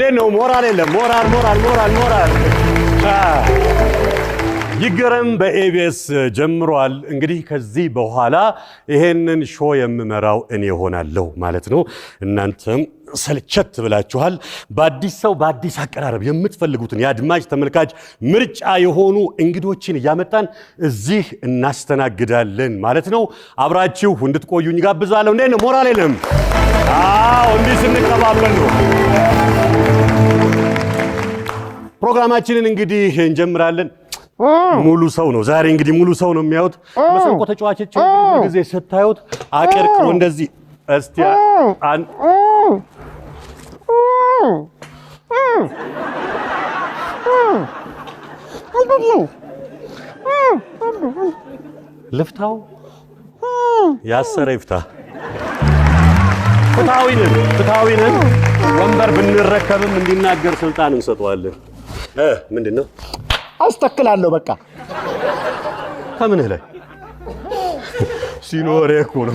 እንዴት ነው? ሞራል የለም። ሞራል ሞራል ሞራል ሞራል ይገረም በኤቢኤስ ጀምሯል። እንግዲህ ከዚህ በኋላ ይሄንን ሾ የምመራው እኔ ሆናለሁ ማለት ነው እናንተም ሰልቸት ብላችኋል። በአዲስ ሰው በአዲስ አቀራረብ የምትፈልጉትን የአድማጭ ተመልካች ምርጫ የሆኑ እንግዶችን እያመጣን እዚህ እናስተናግዳለን ማለት ነው። አብራችሁ እንድትቆዩኝ ጋብዛለሁ። እንዴት ነው ሞራል የለም? አዎ እንዲህ ስንቀባበል ነው። ፕሮግራማችንን እንግዲህ እንጀምራለን። ሙሉ ሰው ነው ዛሬ እንግዲህ ሙሉ ሰው ነው የሚያዩት። መሰንቆ ተጫዋቾች ጊዜ ስታዩት አቀርቅሮ እንደዚህ እስቲ ልፍታው ያሰረ ይፍታ። ፍትሐዊንን ፍትሐዊንን ወንበር ብንረከብም እንዲናገር ስልጣን እንሰጠዋለን። ምንድን ነው አስተክላለሁ። በቃ ከምንህ ላይ ሲኖር እኮ ነው።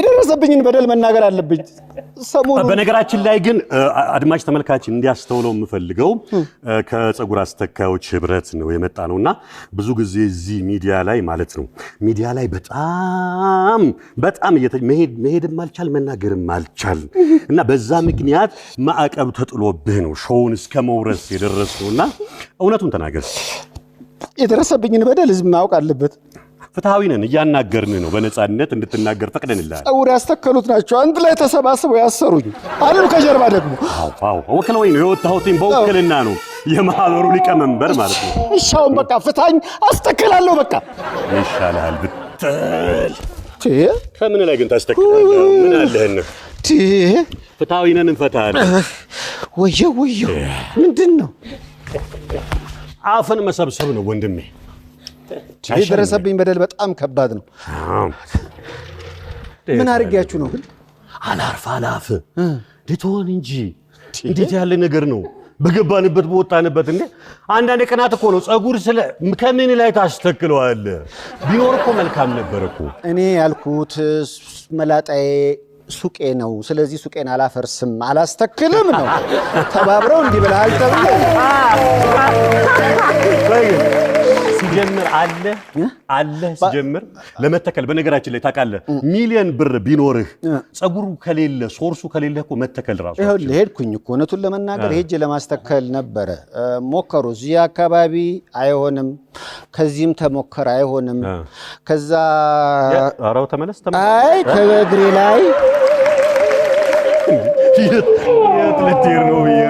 የደረሰብኝን በደል መናገር አለብኝ። ሰሞኑን በነገራችን ላይ ግን አድማጭ ተመልካች እንዲያስተውለው የምፈልገው ከፀጉር አስተካዮች ህብረት ነው የመጣ እና ብዙ ጊዜ እዚህ ሚዲያ ላይ ማለት ነው ሚዲያ ላይ በጣም በጣም መሄድም አልቻል መናገርም አልቻል እና በዛ ምክንያት ማዕቀብ ተጥሎብህ ነው ሾውን እስከ መውረስ የደረስ እና እውነቱን ተናገር። የደረሰብኝን በደል ህዝብ ማወቅ አለበት። ፍትሐዊ ነን፣ እያናገርን ነው። በነፃነት እንድትናገር ፈቅደንልሃል። ፀጉር ያስተከሉት ናቸው አንድ ላይ ተሰባስበው ያሰሩኝ አሉ። ከጀርባ ደግሞ ወክለወይ ነው የወጣሁትኝ። በውክልና ነው የማህበሩ ሊቀመንበር ማለት ነው። እሺ በቃ ፍታኝ፣ አስተክላለሁ። በቃ ይሻልሃል ብትል ከምን ላይ ግን ታስተክላለህ? ምን አለህን? ፍትሐዊ ነን፣ እንፈታለን። ወየ ወየ ምንድን ነው አፍን መሰብሰብ ነው ወንድሜ። የደረሰብኝ በደል በጣም ከባድ ነው። ምን አድርጊያችሁ ነው ግን? አላርፍ አላፍ ልትሆን እንጂ እንዴት ያለ ነገር ነው! በገባንበት በወጣንበት እንዴ! አንዳንድ ቀናት እኮ ነው። ጸጉር ስለ ከምን ላይ ታስተክለዋል? ቢኖር እኮ መልካም ነበር እኮ። እኔ ያልኩት መላጣዬ ሱቄ ነው። ስለዚህ ሱቄን አላፈርስም አላስተክልም ነው። ተባብረው እንዲህ ብለሃል ተብሎ ሲጀምር አለ አለ ሲጀምር ለመተከል በነገራችን ላይ ታውቃለህ፣ ሚሊዮን ብር ቢኖርህ ጸጉሩ ከሌለ ሶርሱ ከሌለ እኮ መተከል ራሱ ይኸውልህ፣ ሄድኩኝ እኮ እውነቱን ለመናገር ሄጄ ለማስተከል ነበረ። ሞከሩ፣ እዚህ አካባቢ አይሆንም፣ ከዚህም ተሞከረ አይሆንም። ከዛ አራው ተመለስ ተመለስ፣ አይ ከእግሬ ላይ የት ልትሄድ ነው ብዬ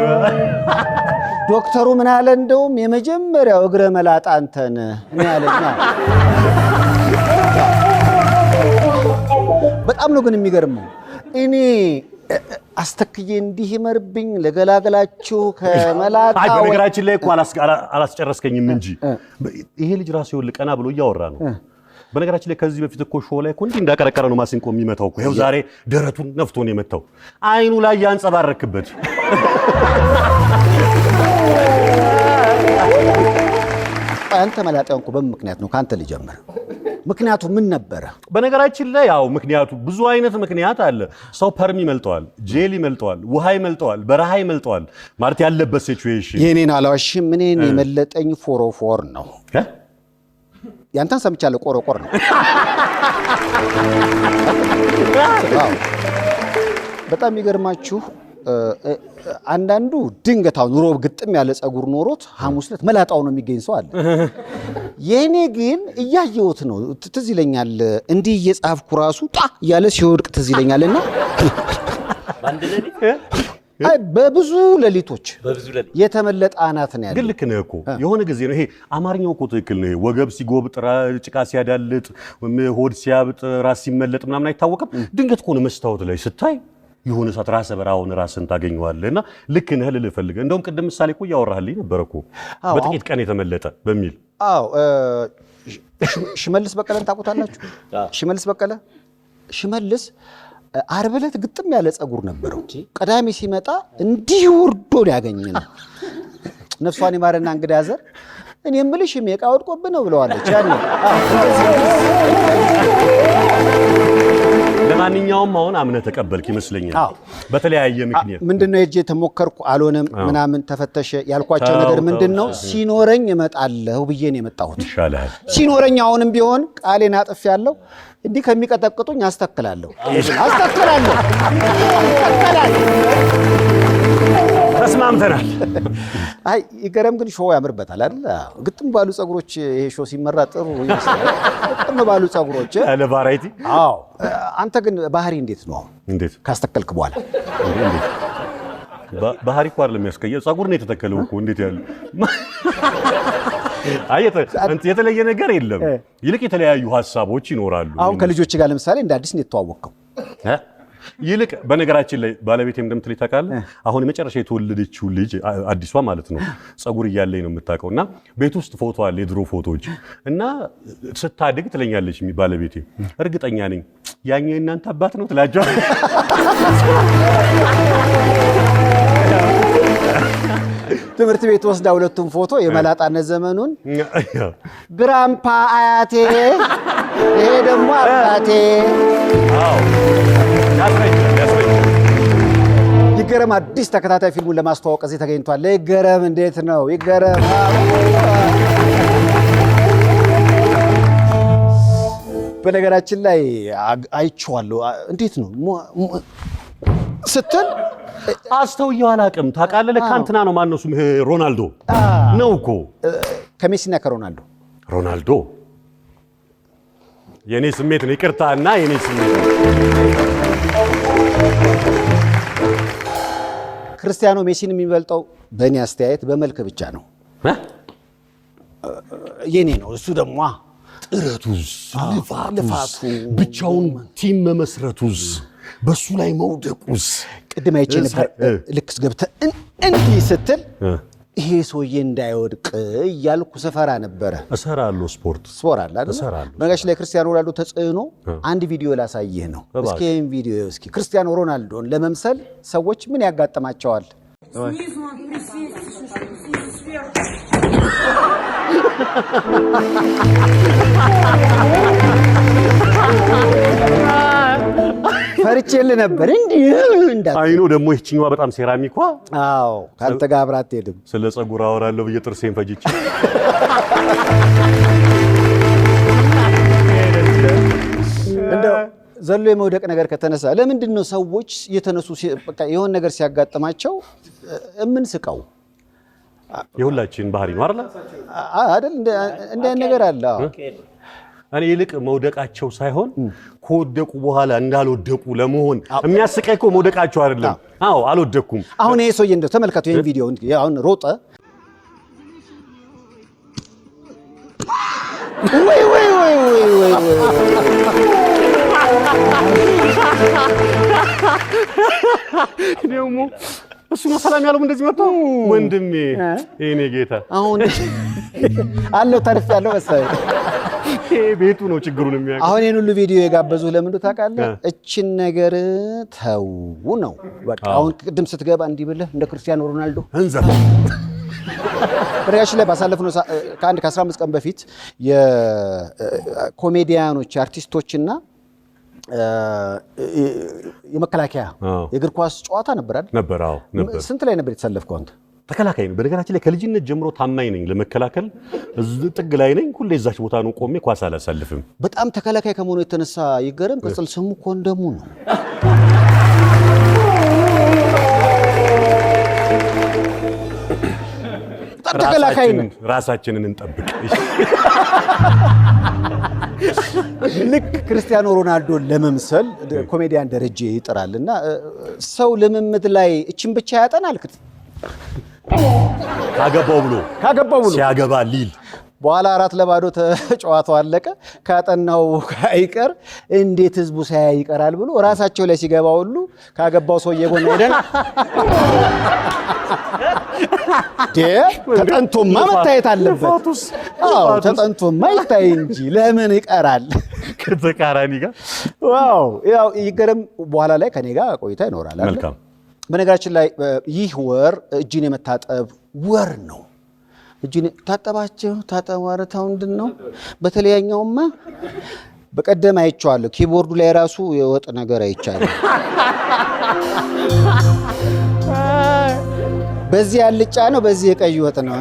ዶክተሩ ምን አለ? እንደውም የመጀመሪያው እግረ መላጣ አንተን ምን ያለኛ። በጣም ነው ግን የሚገርመው እኔ አስተክዬ እንዲህ ይመርብኝ ለገላገላችሁ ከመላጣ። በነገራችን ላይ እኮ አላስጨረስከኝም እንጂ ይሄ ልጅ ራሱ ይኸውልህ ቀና ብሎ እያወራ ነው። በነገራችን ላይ ከዚህ በፊት እኮ ሾ ላይ እኮ እንዲህ እንዳቀረቀረ ነው ማሲንቆ የሚመታው እኮ። ይኸው ዛሬ ደረቱን ነፍቶን የመታው አይኑ ላይ ያንጸባረክበት አንተ መላጣ በምን ምክንያት ነው? ከአንተ ልጀምር። ምክንያቱ ምን ነበረ? በነገራችን ላይ ያው ምክንያቱ ብዙ አይነት ምክንያት አለ። ሰው ፐርም ይመልጠዋል፣ ጄል ይመልጠዋል፣ ውሃ ይመልጠዋል፣ በረሃ ይመልጠዋል። ማለት ያለበት ሲቹዌሽን የኔን አላዋሽም። እኔን የመለጠኝ ፎሮፎር ነው። ያንተን ሰምቻለሁ። ቆረቆር ነው። በጣም ይገርማችሁ አንዳንዱ ድንገታው ኑሮ ግጥም ያለ ጸጉር ኖሮት ሐሙስ ዕለት መላጣው ነው የሚገኝ ሰው አለ። የእኔ ግን እያየሁት ነው ትዝ ይለኛል። እንዲህ እየጻፍኩ ራሱ ጣ እያለ ሲወድቅ ትዝ ይለኛል እና በብዙ ሌሊቶች የተመለጠ አናት ነው ያለ። ግን ልክ ነህ እኮ የሆነ ጊዜ ነው ይሄ አማርኛው እኮ ትክክል ነው። ወገብ ሲጎብጥ፣ ጭቃ ሲያዳልጥ፣ ሆድ ሲያብጥ፣ ራስ ሲመለጥ ምናምን አይታወቅም። ድንገት እኮ መስታወት ላይ ስታይ የሆነ ሰዓት ራሰ በራውን ራስን ታገኘዋለህ እና ልክ ነህ ልልህ ፈልገህ እንደውም ቅድም ምሳሌ እኮ እያወራህልኝ ነበር እኮ በጥቂት ቀን የተመለጠ በሚል አዎ ሽመልስ በቀለን ታውቁታላችሁ ሽመልስ በቀለ ሽመልስ ዓርብ ዕለት ግጥም ያለ ጸጉር ነበረው ቅዳሜ ሲመጣ እንዲህ ወርዶ ያገኘን ነፍሷን ይማርና እንግዳ ዘር እኔ የምልሽ ዕቃ ወድቆብህ ነው ብለዋለች ያኔ ለማንኛውም አሁን አምነህ ተቀበልክ ይመስለኛል። በተለያየ ምክንያት ምንድነው ሄጄ ተሞከርኩ አልሆነም ምናምን ተፈተሸ ያልኳቸው ነገር ምንድነው ሲኖረኝ እመጣለሁ ብዬ ነው የመጣሁት። ሲኖረኝ አሁንም ቢሆን ቃሌን አጥፍ ያለው እንዲህ ከሚቀጠቅጡኝ አስተክላለሁ አስተክላለሁ ተስማምተናል። አይ ይገረም ግን ሾው ያምርበታል አይደል? ግጥም ባሉ ጸጉሮች ይሄ ሾው ሲመራ ጥሩ ይመስላል። ግጥም ባሉ አለ ቫራይቲ። አዎ አንተ ግን ባህሪ እንዴት ነው? እንዴት ካስተከልክ በኋላ ባህሪ እኮ አይደለም የሚያስቀየው ፀጉር ነው የተተከለው እኮ እንዴት ያለ የተለየ ነገር የለም። ይልቅ የተለያዩ ሀሳቦች ይኖራሉ። አሁን ከልጆች ጋር ለምሳሌ እንደ አዲስ ነው የተዋወቅከው ይልቅ በነገራችን ላይ ባለቤቴ እንደምትል ይታቃል። አሁን የመጨረሻ የተወለደችው ልጅ አዲሷ ማለት ነው ጸጉር እያለኝ ነው የምታውቀው። እና ቤት ውስጥ ፎቶ አለ፣ የድሮ ፎቶዎች እና ስታድግ ትለኛለች ባለቤቴ፣ እርግጠኛ ነኝ ያኛ የእናንተ አባት ነው ትላቸዋል። ትምህርት ቤት ወስዳ ሁለቱም ፎቶ የመላጣነት ዘመኑን ብራምፓ አያቴ ይሄ ደግሞ አባቴ ይገረም አዲስ ተከታታይ ፊልሙን ለማስተዋወቅ እዚህ ተገኝቷል። ይገረም እንዴት ነው? ይገረም በነገራችን ላይ አይቼዋለሁ። እንዴት ነው ስትል አስተውየው ታውቃለህ ለካ እንትና ነው ሮናልዶ ነው እኮ ከሜሲና ከሮናልዶ ሮናልዶ የኔ ስሜት ነው። ይቅርታና የኔ ስሜት ነው። ክርስቲያኖ ሜሲን የሚበልጠው በእኔ አስተያየት በመልክ ብቻ ነው። የኔ ነው። እሱ ደግሞ ጥረቱዝ፣ ልፋቱ፣ ብቻውን ቲም መመስረቱዝ፣ በእሱ ላይ መውደቁዝ ቅድም አይቼ ነበር ልክስ ገብተህ እንዲህ ስትል ይሄ ሰውዬ እንዳይወድቅ እያልኩ ስፈራ ነበረ። እሰራለሁ፣ ስፖርት እሰራለሁ። በነገራችን ላይ ክርስቲያኖ ሮናልዶ ተጽዕኖ አንድ ቪዲዮ ላሳይህ ነው። እስኪ ይህን ቪዲዮ እስኪ ክርስቲያኖ ሮናልዶን ለመምሰል ሰዎች ምን ያጋጥማቸዋል? ፈርቼልህ ነበር። እንዲህ አይኖ ደግሞ ይችኛዋ በጣም ሴራሚኳ። አዎ ከአንተ ጋር አብራ አትሄድም። ስለ ጸጉር አወራለሁ ብዬ ጥርሴን ፈጅቼ ዘሎ የመውደቅ ነገር ከተነሳ ለምንድን ነው ሰዎች የተነሱ በቃ ነገር ሲያጋጥማቸው የምንስቀው? የሁላችን ባህሪ ነው አይደል? እንደ ነገር አለ እኔ ይልቅ መውደቃቸው ሳይሆን ከወደቁ በኋላ እንዳልወደቁ ለመሆን የሚያስቀይ እኮ መውደቃቸው አይደለም። አዎ አልወደኩም። አሁን ይሄ ሰውዬ እንደው ተመልከቱ ይህን ቪዲዮ። አሁን ሮጠ። ወይ ወይ ወይ ወይ ወይ እሱ ነው ሰላም ያለው። እንደዚህ መጥቶ ወንድሜ የእኔ ጌታ አሁን አለው ተርፍ ያለው መሰለኝ ቤቱ ነው ችግሩን የሚያውቅ። አሁን ይህን ሁሉ ቪዲዮ የጋበዙ ለምን ታውቃለህ? እችን ነገር ተው ነው በቃ። አሁን ቅድም ስትገባ እንዲህ ብለህ እንደ ክርስቲያኖ ሮናልዶ እንዛ ሪያሽ ላይ ባሳለፍነው ከአንድ ከ15 ቀን በፊት የኮሜዲያኖች አርቲስቶችና የመከላከያ የእግር ኳስ ጨዋታ ነበር አይደል? ነበር። አዎ ነበር። ስንት ላይ ነበር የተሰለፍከው አንተ? ተከላካይ ነው። በነገራችን ላይ ከልጅነት ጀምሮ ታማኝ ነኝ ለመከላከል፣ ጥግ ላይ ነኝ። ሁሌ እዛች ቦታ ነው ቆሜ ኳስ አላሳልፍም። በጣም ተከላካይ ከመሆኑ የተነሳ ይገርም ቅጽል ስሙ ኮንደሙ ነው። በጣም ተከላካይ ነው። ራሳችንን እንጠብቅ። ልክ ክርስቲያኖ ሮናልዶ ለመምሰል ኮሜዲያን ደረጀ ይጥራል እና ሰው ልምምድ ላይ እችን ብቻ ያጠናል። ካገባው ብሎ ሲያገባ ሊል በኋላ አራት ለባዶ ጨዋታው አለቀ። ካጠናው አይቀር እንዴት ህዝቡ ሳያ ይቀራል ብሎ ራሳቸው ላይ ሲገባ ሁሉ ካገባው ሰው እየጎን ሄደን ተጠንቶማ መታየት አለበት። ተጠንቶማ ይታይ እንጂ ለምን ይቀራል? ከተቃራኒ ጋር ዋው ያው ይገርም። በኋላ ላይ ከኔ ጋር ቆይታ ይኖራል። በነገራችን ላይ ይህ ወር እጅን የመታጠብ ወር ነው። እጁን ታጠባቸው ታጠቡ። ኧረ ምንድን ነው? በተለያኛውማ በቀደም አይቼዋለሁ። ኪቦርዱ ላይ ራሱ የወጥ ነገር አይቻለሁ። በዚህ ያልጫ ነው፣ በዚህ የቀይ ወጥ ነው።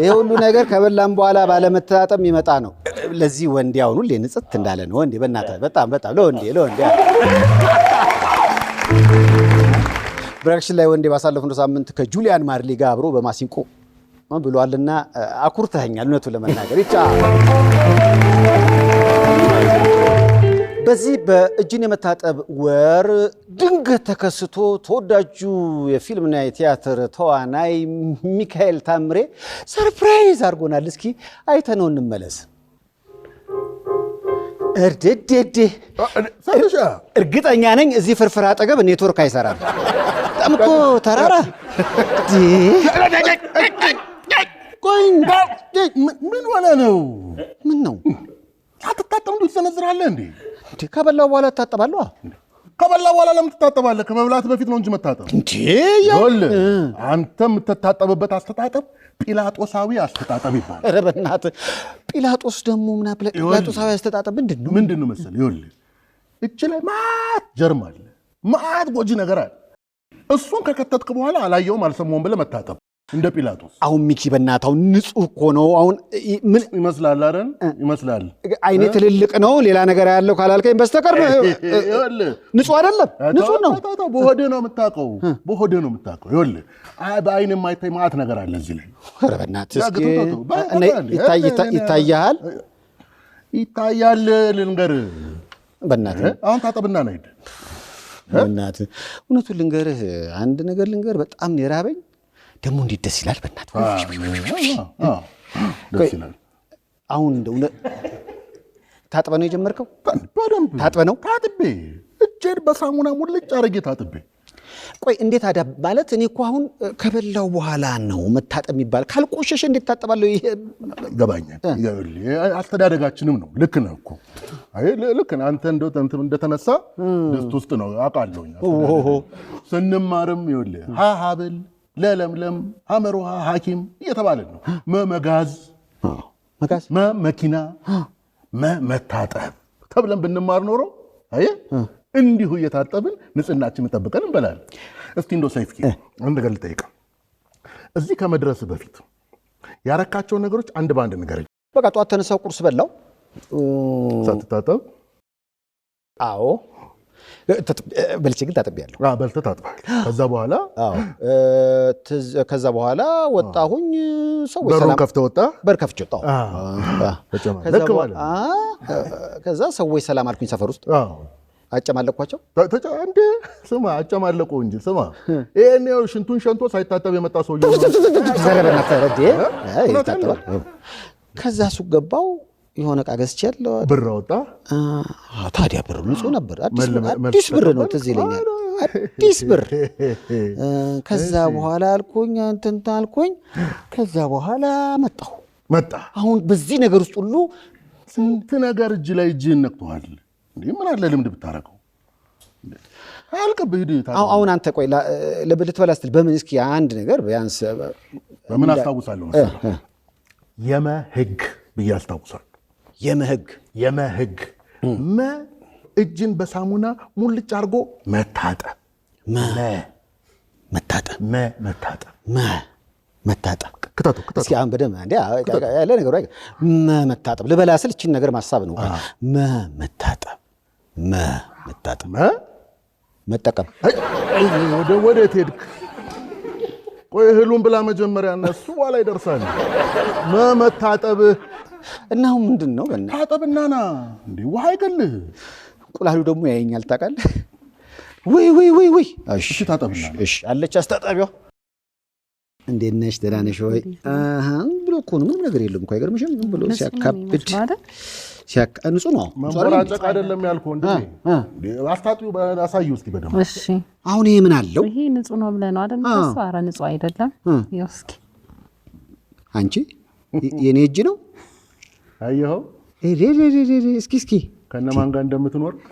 ይህ ሁሉ ነገር ከበላም በኋላ ባለመተጣጠም ይመጣ ነው። ለዚህ ወንዴ አሁን ሁሌ ንጽት እንዳለ ነው። ወንዴ በእናትህ በጣም በጣም ለወንዴ ለወንዴ ብሬክሽን ላይ ወንዴ ባሳለፍነው ሳምንት ከጁሊያን ማርሊ ጋር አብሮ በማሲንቆ ብሏልና አኩርተኸኛል። እውነቱን ለመናገር ይቻ በዚህ በእጅን የመታጠብ ወር ድንገት ተከስቶ ተወዳጁ የፊልምና የቲያትር ተዋናይ ሚካኤል ታምሬ ሰርፕራይዝ አድርጎናል። እስኪ አይተነው እንመለስ። እርግጠኛ ነኝ እዚህ ፍርፍር አጠገብ ኔትወርክ አይሰራም። በጣም እኮ ተራራ ምን ሆነ ነው? ምን ነው አትታጠብ? እንዲሁ ይሰነዝራለህ እንዴ? ከበላው በኋላ እታጠባለሁ። ከበላ በኋላ ለምን ትታጠባለህ? ከመብላት በፊት ነው እንጂ መታጠብ። አንተ የምትታጠብበት አስተጣጠብ ጲላጦሳዊ አስተጣጠብ ይባላል። ኧረ በእናትህ ጲላጦስ ደግሞ ምን አለ? ጲላጦሳዊ አስተጣጠብ ምንድን ነው? ምንድን ነው መሰለህ፣ ይኸውልህ እች ላይ ማት ጀርም አለ፣ ማት ጎጂ ነገር አለ። እሱን ከከተትክ በኋላ አላየውም አልሰማሁም ብለህ መታጠብ እንደ ጲላጦስ አሁን ሚኪ በናታው ንጹህ እኮ ነው። አሁን ምን ይመስላል? አይደል ይመስላል። አይኔ ትልልቅ ነው። ሌላ ነገር ያለው ካላልከኝ በስተቀር ንጹህ አይደለም። ንጹህ ነው። በሆደ ነው የምታውቀው፣ በሆደ ነው የምታውቀው። ይኸውልህ በአይን የማይታይ ማዕት ነገር አለ እዚህ ላይ። ኧረ ይታያል፣ ይታያል። ልንገርህ በእናትህ አሁን ታጠብና ነው ሂድ። በእናትህ እውነቱን ልንገርህ፣ አንድ ነገር ልንገርህ፣ በጣም የራበኝ ደግሞ እንዴት ደስ ይላል! በእናትህ አሁን እንደው ታጥበ ነው የጀመርከው? በደንብ ታጥበ ነው? ታጥቤ እጄን በሳሙና ሙልጭ አረጌ ታጥቤ። ቆይ እንዴት አዳ ማለት እኔ እኮ አሁን ከበላው በኋላ ነው መታጠብ የሚባል። ካልቆሸሸ እንዴት ታጠባለሁ? ይሄ ገባኛል። አስተዳደጋችንም ነው። ልክ ነህ እኮ ልክ ነህ አንተ እንደተነሳ ድስት ውስጥ ነው አውቃለሁ። ስንማርም ይኸውልህ ሀ ለለምለም አመሮሃ ሐኪም እየተባለን ነው። መመጋዝ መመኪና መመታጠብ ተብለን ብንማር ኖሮ እንዲሁ እየታጠብን ንጽህናችን ጠብቀን እንበላለን። እስቲ እንዶ ሰይፍ አንድ ነገር ልጠይቅህ። እዚህ ከመድረስ በፊት ያረካቸውን ነገሮች አንድ በአንድ ንገረኝ። በቃ ጠዋት ተነሳው ቁርስ በላው ሳትታጠብ? አዎ በልቼ ግን ታጥቤያለሁ። በልተህ ታጥበሃል። ከዛ በኋላ ከዛ በኋላ ወጣሁኝ። ሰው በሩን ከፍተህ ወጣ። በር ከፍቼ ወጣሁ። ከዛ ሰዎች ሰላም አልኩኝ። ሰፈር ውስጥ አጨማለቅኳቸው። እንዴ ስማ፣ አጨማለቁ እንጂ ስማ፣ ይሄን ያው ሽንቱን ሸንቶ ሳይታጠብ የመጣ ሰውዬው ከዛ ሱቅ ገባው የሆነ ዕቃ ገዝቼ ያለው ብር አወጣ። ታዲያ ብር ንጹህ ነበር፣ አዲስ ብር ነው። ትዝ ይለኛል አዲስ ብር። ከዛ በኋላ አልኩኝ እንትን አልኩኝ። ከዛ በኋላ መጣሁ መጣ። አሁን በዚህ ነገር ውስጥ ሁሉ ስንት ነገር እጅ ላይ እጅ ነቅቶሃል። እንዲህ ምን አለ ልምድ ብታረገው አሁን አንተ ቆይ ልትበላ ስትል በምን እስኪ አንድ ነገር ቢያንስ በምን አስታውሳለሁ መሰለህ የመ ህግ ብዬ አስታውሳለሁ የመህግ የመህግ መ እጅን በሳሙና ሙልጭ አድርጎ መታጠብ መታጠብ መታጠብ መታጠብ ክተቱ እስኪ አሁን በደንብ ያለ ነገሩ መታጠብ ልበላ ስል እችን ነገር ማሳብ ነው። መታጠብ መታጠብ መጠቀም ወደ ወዴት ሄድክ? ቆይ እህሉን ብላ መጀመሪያ እነሱ በኋላ ይደርሳል። መመታጠብ እና አሁን ምንድን ነው? ታጠብና ና እንዴ፣ ውሃ አይገልህ። ቁላሉ ደግሞ ያየኛል ታውቃለህ። ውይ ውይ ውይ ውይ! እሺ ታጠብና አለች አስታጣቢዋ። እንዴት ነሽ? ደህና ነሽ ወይ? ብሎ እኮ ነው። ምንም ነገር የለም እኮ አይገርምሽም? ዝም ብሎ ሲያካብድ ሲያካ ንጹህ ነው። መንቆራጨቅ አይደለም ያልኩህ። እንዴ አስታጥቢው አሳየው እስኪ በደምብ። እሺ አሁን ይሄ ምን አለው? ይሄ ንጹህ ነው ብለህ ነው አይደል? ኧረ ንጹህ አይደለም። ያው እስኪ አንቺ የእኔ እጅ ነው አየኸው? እስኪ እስኪ ከነማን ጋር እንደምትኖር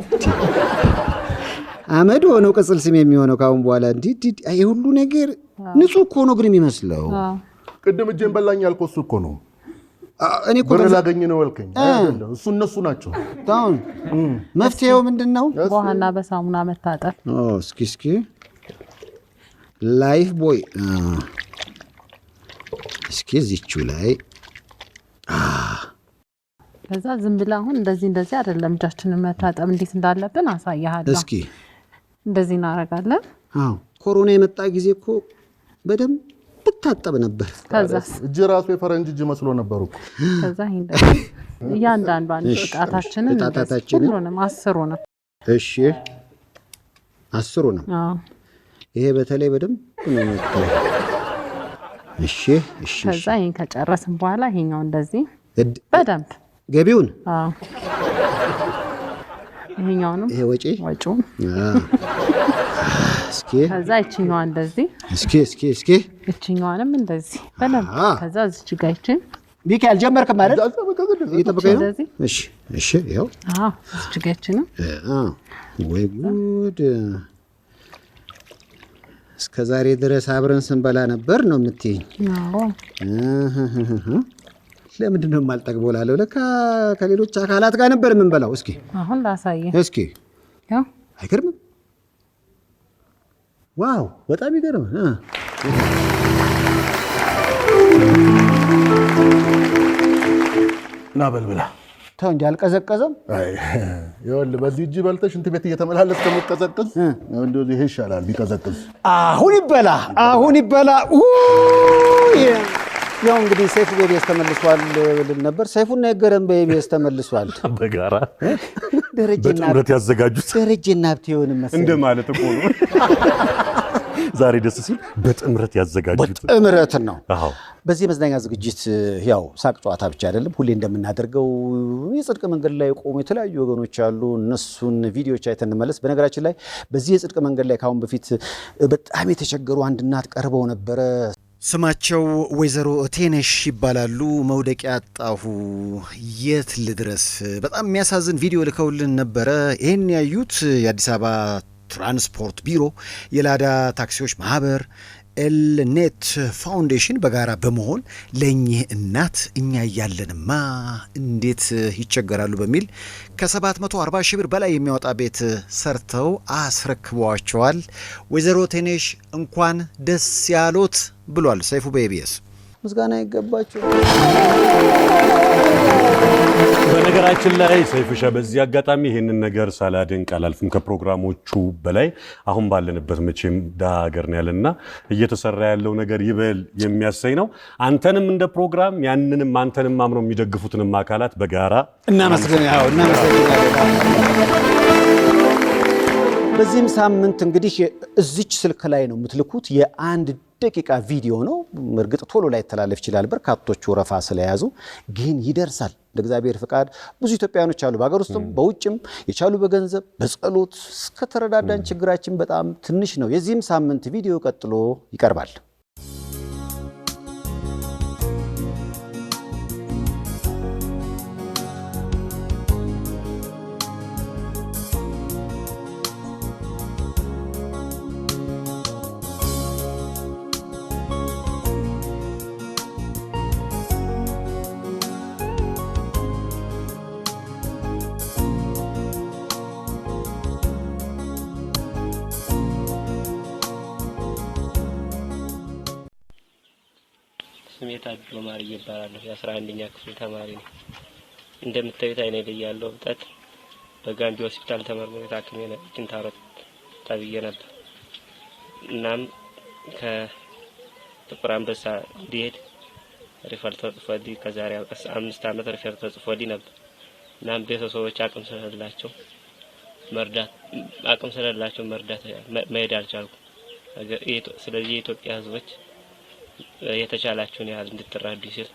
አመድ ሆነው ቅጽል ስም የሚሆነው ከአሁን በኋላ እንዲህ የሁሉ ነገር ንጹህ እኮ ነው ግን የሚመስለው። ቅድም እጄን በላኝ ያልከው እሱ እኮ ነው። እኔ ብር ላገኝ ነው ያልከኝ እሱ እነሱ ናቸው። አሁን መፍትሄው ምንድን ነው? በውሃና በሳሙና መታጠብ። እስኪ እስኪ ላይፍ ቦይ እስኪ እዚቹ ላይ ከዛ ዝም ብላ አሁን እንደዚህ እንደዚህ አይደለም እጃችንን መታጠብ እንዴት እንዳለብን አሳያሃለሁ። እስኪ እንደዚህ እናደርጋለን። አዎ ኮሮና የመጣ ጊዜ እኮ በደንብ ብታጠብ ነበር። እጅ ራሱ የፈረንጅ እጅ መስሎ ነበር እኮ። ከዛ እያንዳንዷን ጣታችንን ሁሉንም አስሩንም፣ እሺ አስሩንም። ይሄ በተለይ በደንብ ነው። እሺ እሺ። ከዛ ይህን ከጨረስን በኋላ ይሄኛው እንደዚህ በደንብ ገቢውን ይሄኛው ይሄ ወጪ ወጪው። እስኪ ከዛ እንደዚህ። እስኪ እስኪ እስኪ እንደዚህ በለም። ከዛ እዚች አልጀመርክም ጉድ! እስከ ዛሬ ድረስ አብረን ስንበላ ነበር ነው የምትይኝ? ለምንድን ነው የማልጠግበው እላለሁ። ለካ ከሌሎች አካላት ጋር ነበር የምንበላው። እስኪ አሁን ላሳየ። እስኪ አይገርምም? ዋው በጣም ይገርም። እና በልብላ ተው እንጂ አልቀዘቀዘም። ይኸውልህ በዚህ እጅ በልተሽ እንትን ቤት እየተመላለስ ከመቀዘቅዝ እንደዚህ ይሄ ይሻላል ቢቀዘቅዝ። አሁን ይበላ፣ አሁን ይበላ። ያው እንግዲህ ሰይፉ በኢቢኤስ ተመልሷል ብል ነበር። ሰይፉና የገረም በኢቢኤስ ተመልሷል። በጋራ በጥምረት ያዘጋጁት ደረጀና ሀብቴ ሆንም መሰለኝ ማለት እኮ ነው። ዛሬ ደስ ሲል በጥምረት ያዘጋጁት በጥምረት ነው። በዚህ መዝናኛ ዝግጅት ያው ሳቅ ጨዋታ ብቻ አይደለም። ሁሌ እንደምናደርገው የጽድቅ መንገድ ላይ የቆሙ የተለያዩ ወገኖች አሉ። እነሱን ቪዲዮዎች አይተን እንመለስ። በነገራችን ላይ በዚህ የጽድቅ መንገድ ላይ ከአሁን በፊት በጣም የተቸገሩ አንድ እናት ቀርበው ነበረ። ስማቸው ወይዘሮ ቴነሽ ይባላሉ። መውደቂያ አጣሁ የት ልድረስ? በጣም የሚያሳዝን ቪዲዮ ልከውልን ነበረ። ይህን ያዩት የአዲስ አበባ ትራንስፖርት ቢሮ፣ የላዳ ታክሲዎች ማህበር፣ ኤልኔት ፋውንዴሽን በጋራ በመሆን ለእኚህ እናት እኛ እያለንማ እንዴት ይቸገራሉ በሚል ከ740 ሺህ ብር በላይ የሚያወጣ ቤት ሰርተው አስረክበዋቸዋል። ወይዘሮ ቴኔሽ እንኳን ደስ ያሎት ብሏል ሰይፉ በኤቢኤስ ምስጋና ይገባቸው። በነገራችን ላይ ሰይፍሻ በዚህ አጋጣሚ ይህንን ነገር ሳላደንቅ አላልፍም። ከፕሮግራሞቹ በላይ አሁን ባለንበት መቼም ድሃ ሀገር ነው ያለና እየተሰራ ያለው ነገር ይበል የሚያሰኝ ነው። አንተንም እንደ ፕሮግራም ያንንም አንተንም አምኖ የሚደግፉትንም አካላት በጋራ በዚህም ሳምንት እንግዲህ እዚች ስልክ ላይ ነው የምትልኩት የአንድ ደቂቃ ቪዲዮ ነው። እርግጥ ቶሎ ላይ ተላለፍ ይችላል፣ በርካቶቹ ረፋ ስለያዙ ግን ይደርሳል። እንደ እግዚአብሔር ፍቃድ ብዙ ኢትዮጵያውያኖች አሉ፣ በሀገር ውስጥም በውጭም የቻሉ በገንዘብ በጸሎት እስከተረዳዳን ችግራችን በጣም ትንሽ ነው። የዚህም ሳምንት ቪዲዮ ቀጥሎ ይቀርባል። ታድሎ ማርዬ እባላለሁ። የአስራ አንደኛ ክፍል ተማሪ ነው። እንደምታዩት አይኔ ላይ ያለው እብጠት በጋምቢ ሆስፒታል ተመርምሮ የታክሜ ኪንታሮት ተብዬ ነበር። እናም ከጥቁር አንበሳ እንዲሄድ ሪፈር ተጽፎልኝ ከዛሬ አምስት አመት ሪፈር ተጽፎልኝ ነበር። እናም ቤተሰቦች አቅም ስለሌላቸው መርዳት አቅም ስለሌላቸው መርዳት መሄድ አልቻልኩም። ስለዚህ የኢትዮጵያ ህዝቦች የተቻላችሁን ያህል እንድትራዱ ሲል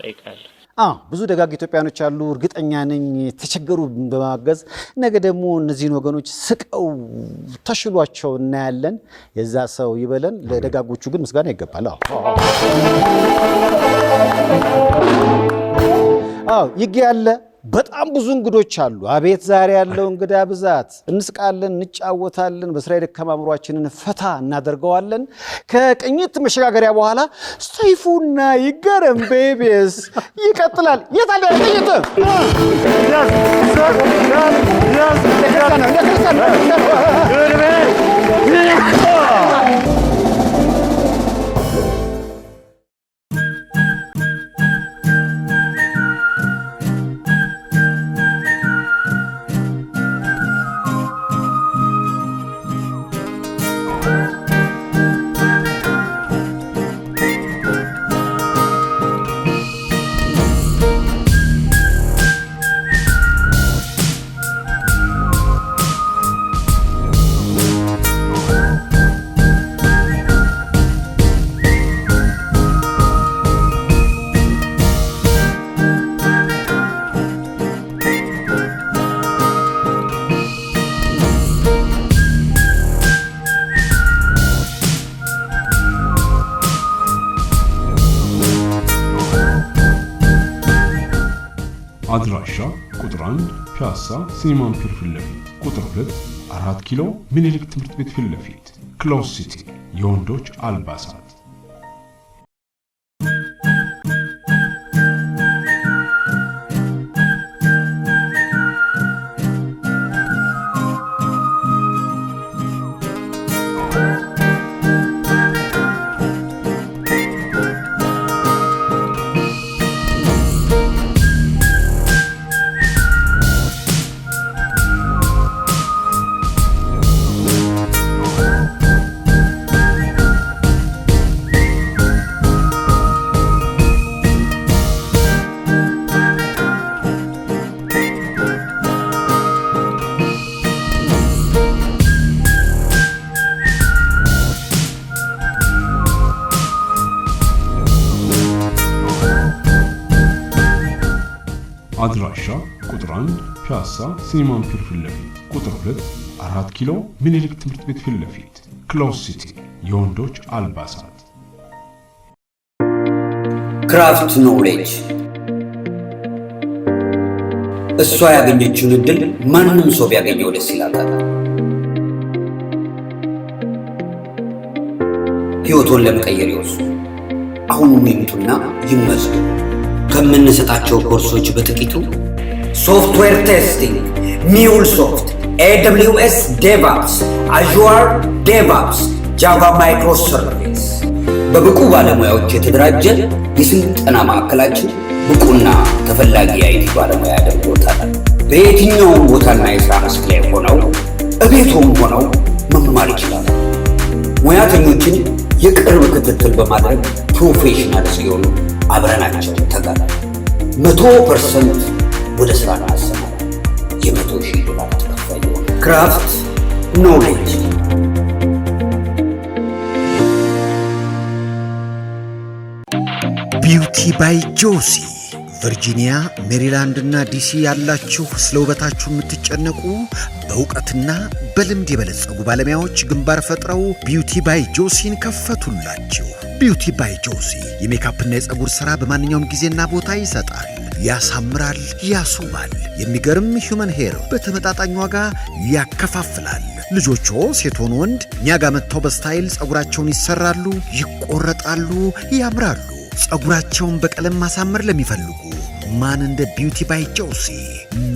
ጠይቃለሁ። አዎ ብዙ ደጋግ ኢትዮጵያኖች አሉ፣ እርግጠኛ ነኝ ተቸገሩ በማገዝ ነገ ደግሞ እነዚህን ወገኖች ስቀው ተሽሏቸው እናያለን። የዛ ሰው ይበለን። ለደጋጎቹ ግን ምስጋና ይገባል። አዎ ይጌ አለ በጣም ብዙ እንግዶች አሉ። አቤት ዛሬ ያለው እንግዳ ብዛት! እንስቃለን፣ እንጫወታለን፣ በስራ የደከማ ፈታ እናደርገዋለን። ከቅኝት መሸጋገሪያ በኋላ ሰይፉና ይገረም ቤቤስ ይቀጥላል። የት ቅኝት? ሲኒማን ፒር ፊት ለፊት፣ ቁጥር 2 4 ኪሎ ምኒልክ ትምህርት ቤት ፊት ለፊት ክሎዝ ሲቲ የወንዶች አልባሳት አድራሻ ቁጥር 1 ፒያሳ ሲኒማ ፒር ፊት ለፊት፣ ቁጥር 2 አራት ኪሎ ምኒልክ ትምህርት ቤት ፊት ለፊት፣ ክሎዝ ሲቲ የወንዶች አልባሳት። ክራፍት ኖሌጅ እሷ ያገኘችውን እድል ማንም ሰው ቢያገኘው ደስ ይላታል። ሕይወቶን ለመቀየር ይወሱ። አሁኑ ይምጡና ይመዝገቡ። ከምንሰጣቸው ኮርሶች በጥቂቱ ሶፍትዌር ቴስቲንግ፣ ሶፍት፣ ኤደብሊውኤስ ዴቫፕስ፣ አዥዋር ዴቫፕስ፣ ጃቫ ማይክሮ ሰርቪስ በብቁ ባለሙያዎች የተደራጀ የስልጠና ማዕከላችን ብቁና ተፈላጊ የአይቲ ባለሙያ ያደርጎታል። በየትኛውም ቦታና የሥራ መስክ ላይ ሆነው እቤቶም ሆነው መማር ይችላል። ሙያተኞችን የቅርብ ክትትል በማድረግ ፕሮፌሽናል ሲሆኑ አብረናቸው ተጋ መቶ ፐርሰንት ወደ ስራ ናሰማ የመቶ ሺህ ዶላር ተከፋይ ክራፍት ኖሌጅ ቢውቲ ባይ ጆሲ ቨርጂኒያ፣ ሜሪላንድ እና ዲሲ ያላችሁ ስለ ውበታችሁ የምትጨነቁ በእውቀትና በልምድ የበለጸጉ ባለሙያዎች ግንባር ፈጥረው ቢውቲ ባይ ጆሲን ከፈቱላችሁ። ቢውቲ ባይ ጆሲ የሜካፕና የፀጉር ሥራ በማንኛውም ጊዜና ቦታ ይሰጣል፣ ያሳምራል፣ ያስውባል። የሚገርም ሁመን ሄር በተመጣጣኝ ዋጋ ያከፋፍላል። ልጆቹ ሴት ወንድ እኛ ጋር መጥተው በስታይል ፀጉራቸውን ይሰራሉ፣ ይቆረጣሉ፣ ያምራሉ። ፀጉራቸውን በቀለም ማሳመር ለሚፈልጉ ማን እንደ ቢውቲ ባይ ጆሲ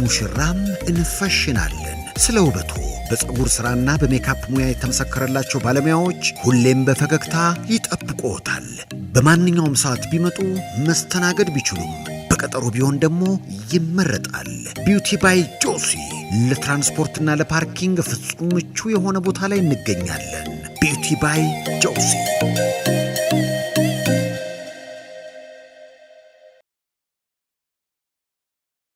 ሙሽራም እንፈሽናለን። ስለ ውበቱ በፀጉር ሥራና በሜካፕ ሙያ የተመሰከረላቸው ባለሙያዎች ሁሌም በፈገግታ ያውቆታል። በማንኛውም ሰዓት ቢመጡ መስተናገድ ቢችሉም በቀጠሮ ቢሆን ደግሞ ይመረጣል። ቢዩቲ ባይ ጆሲ ለትራንስፖርትና ለፓርኪንግ ፍጹም ምቹ የሆነ ቦታ ላይ እንገኛለን። ቢዩቲ ባይ ጆሲ